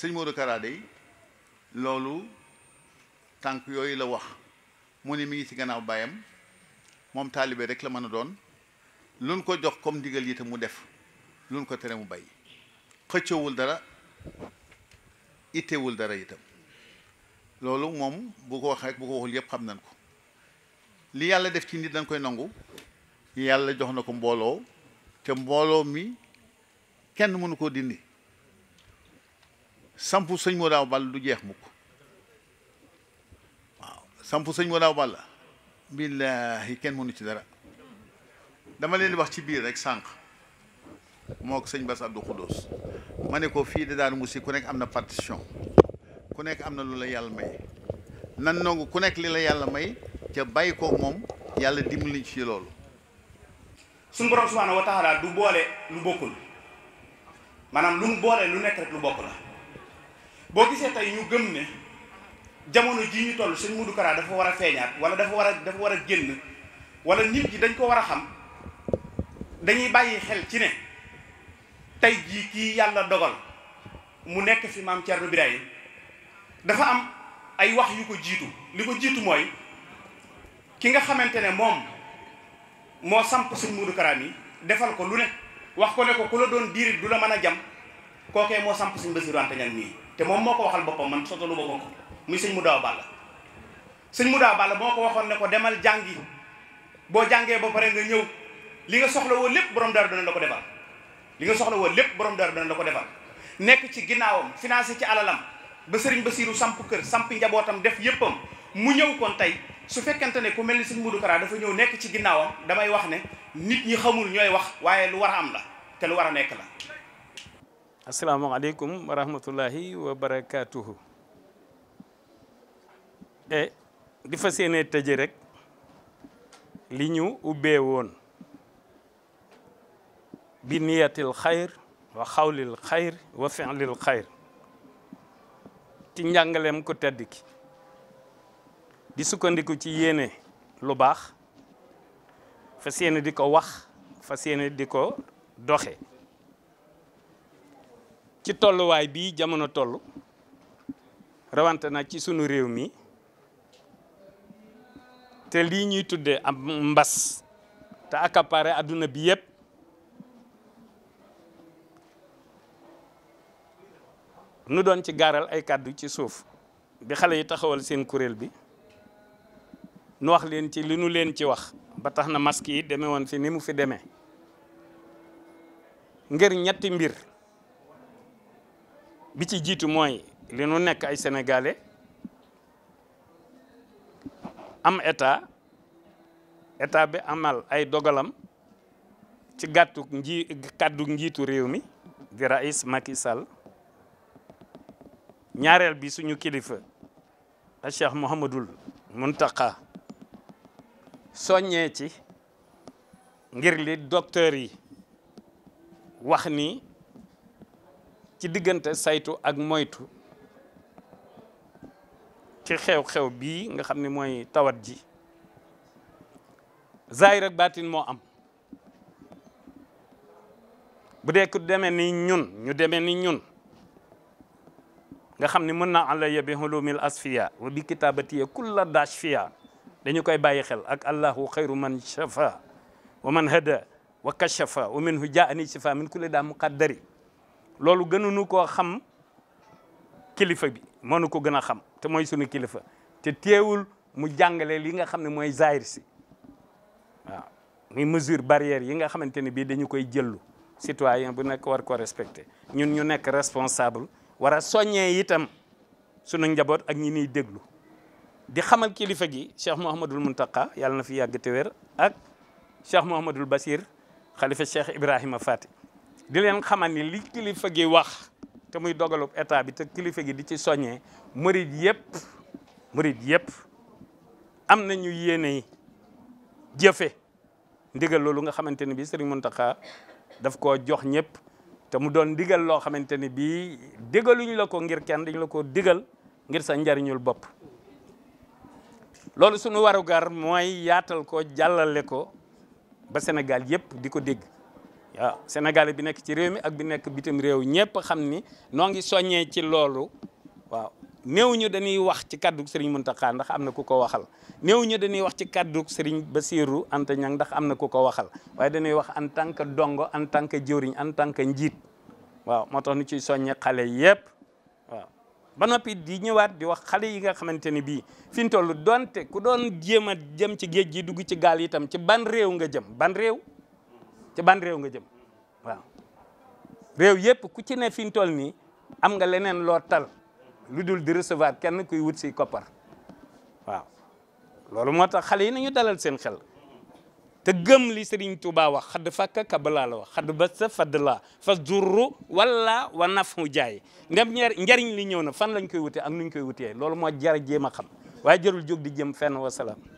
sëñ Modou Kara loolu tànk yooyu la wax mu ni mi ngi ci gannaaw baayam moom taalibe rek la mën a doon luñ ko jox comme ndigal yi mu def luñ ko tere mu bàyyi xëccoowul dara ittewul dara itam loolu moom bu ko wax rek bu ko waxul yëpp xam nañ ko li yàlla def ci nit danga koy nangu yàlla jox na ko mbooloo te mbooloo mi kenn mënu koo dindi sampu sëñ moo daaw ball du jeex mukk waaw sampu sëñ moo daaw ball billaahi kenn mënu ci dara dama leen di wax ci biir rek sànq moo sëñ Bass Abdou Khoudous ma ne ko fii di Darou Moussi ku nekk am na partition ku nekk am na lu la yàlla may nan nangu ku nekk li la yàlla may ca bàyyi ko moom yàlla dimbali ci loolu suñu borom subhaanahu wa du boole lu bokkul maanaam lu mu boole lu nekk rek lu bokk la boo gisee tey ñu gëm ne jamono jii ñu toll sëñ Modou Kara dafa war a feeñaat wala dafa war a dafa war a génn wala nit ñi dañ ko war a xam dañuy bàyyi xel ci ne tey jii kii yàlla dogal mu nekk fi maam Thierno yi dafa am ay wax yu ko jiitu li ko jiitu mooy ki nga xamante ne moom moo samp suñ Muudu Karaam yi defal ko lu ne wax ko ne ko ku la doon diirit du la mën a jam kookee moo samp suñ Basiru Anta Ñaŋ nii te moom moo ko waxal boppam man sotalu ba ko muy sëñ mu daaw bàll sëñ mu daaw bàll moo ko waxoon ne ko demal jàngi boo jàngee ba pare nga ñëw li nga soxla woo lépp borom dara dana la ko defal li nga soxla woon lépp borom dara dana la ko defal nekk ci ginnaawam financé ci alalam ba sëriñ Basiiru samp kër samp njabootam def yëppam mu ñëw kon tey su fekkente ne ku mel ni sëñ Modou Kara dafa ñëw nekk ci ginnaawam damay wax ne nit ñi xamul ñooy wax waaye lu war a am la te lu war a nekk la asalaamaaleykum wa rahmatullahi wa barakaatuhu e di fa séene tëje rek li ñu ubbee woon bi niyatil xayr wa xawlil xayr wa filil xayr ci njàngaleem ku tedd ki di sukkandiku ci yéene lu baax fas yéene di ko wax fas yéene di ko doxe ci tolluwaay bii jamono toll rawante na ci sunu réew mi te lii ñuy tudde am mbas te accaparé adduna bi yépp nu doon ci gaaral ay kàddu ci suuf bi xale yi taxawal seen kuréel bi nu wax leen ci li nu leen ci wax ba tax na masque yi demee woon fi ni mu fi demee ngir ñetti mbir bi ci jiitu mooy li nu nekk ay sénégalais am état état bi amal ay dogalam ci gàttu kàddu njiitu réew mi di raïs Macky Sall ñaareel bi suñu kilifa a cheikh mouhamadul muntaka soññee ci ngir li docteur yi wax ni ci diggante saytu ak moytu ci xew-xew bi nga xam ni mooy tawat ji zahir ak moo am bu dee ku demee ni ñun ñu deme ni ñun nga xam ni mën naa alaya bi hulumil asfiya wa bi kitabatiya kulla dashfiya dañu koy bàyyi xel ak allahu xayru man shafa wa man hada wa kashafa wa minhu jaani shifa min kulli daa muqaddari loolu gënuñu koo xam kilifa bi moo nu ko gën a xam te mooy sunu kilifa te teewul mu jàngale li nga xam ne mooy zahir si waaw muy mesure barrière yi nga xamante ne bii dañu koy jëllu citoyen bu nekk war ko respecté ñun ñu nekk responsable war a soññee itam sunu njaboot ak ñi niy déglu di xamal kilifa gi cheikh Mouhamadul Muntaqa yàlla na fi yàgg te wér ak cheikh Mouhamadul Basir xalifa cheikh Ibrahima Fati di leen xamal ni li kilifa gi wax te muy dogalub état bi te kilifa gi di ci soññee murid yëpp murid yëpp am na nañu yéene jëfe ndigal loolu nga xamante ne bi Serigne Mountakha daf ko jox ñëpp te mu doon digal loo xamante ni bii digaluñu la ko ngir kenn dañu la ko diggal ngir sa njariñul bopp loolu suñu warugar mooy yaatal ko jàllale ko ba senegal yëpp di ko dégg waaw Sénégalais bi nekk ci réew mi ak bi nekk bitim réew ñëpp xam ni noo ngi soññee ci loolu waaw néew ñu dañuy wax ci kàddug ta Muntaxa ndax am na ku ko waxal néew ñu dañuy wax ci kàddug sëriñ Basiiru Anta Ñang ndax am na ku ko waxal waaye dañuy wax en tant que dongo en tant que jëwriñ en tant que njiit waaw moo tax ñu ciy soññe xale yépp wa ba noppi di ñëwaat di wax xale yi nga xamante ni bii fi ñu toll donte ku doon jéem a jëm ci géej gi dugg ci gaal itam ci ban réew nga jëm ban réew ci ban réew nga jëm wa réew yépp ku ci ne fi ñu am nga leneen loo tal lu dul di recevoir kenn kuy wut si koppar waaw moo tax xale yi nañu dalal seen xel te gëm li Serigne Touba wax xadd fakka kabala la wax xadd basta fadd la fa jurru wala wa nafu jaay ndem ñaar njariñ li ñëw na fan lañ koy wutee ak nuñ koy wutee loolu moo jar jéem a xam waaye jarul jóg di jëm fenn wasalaam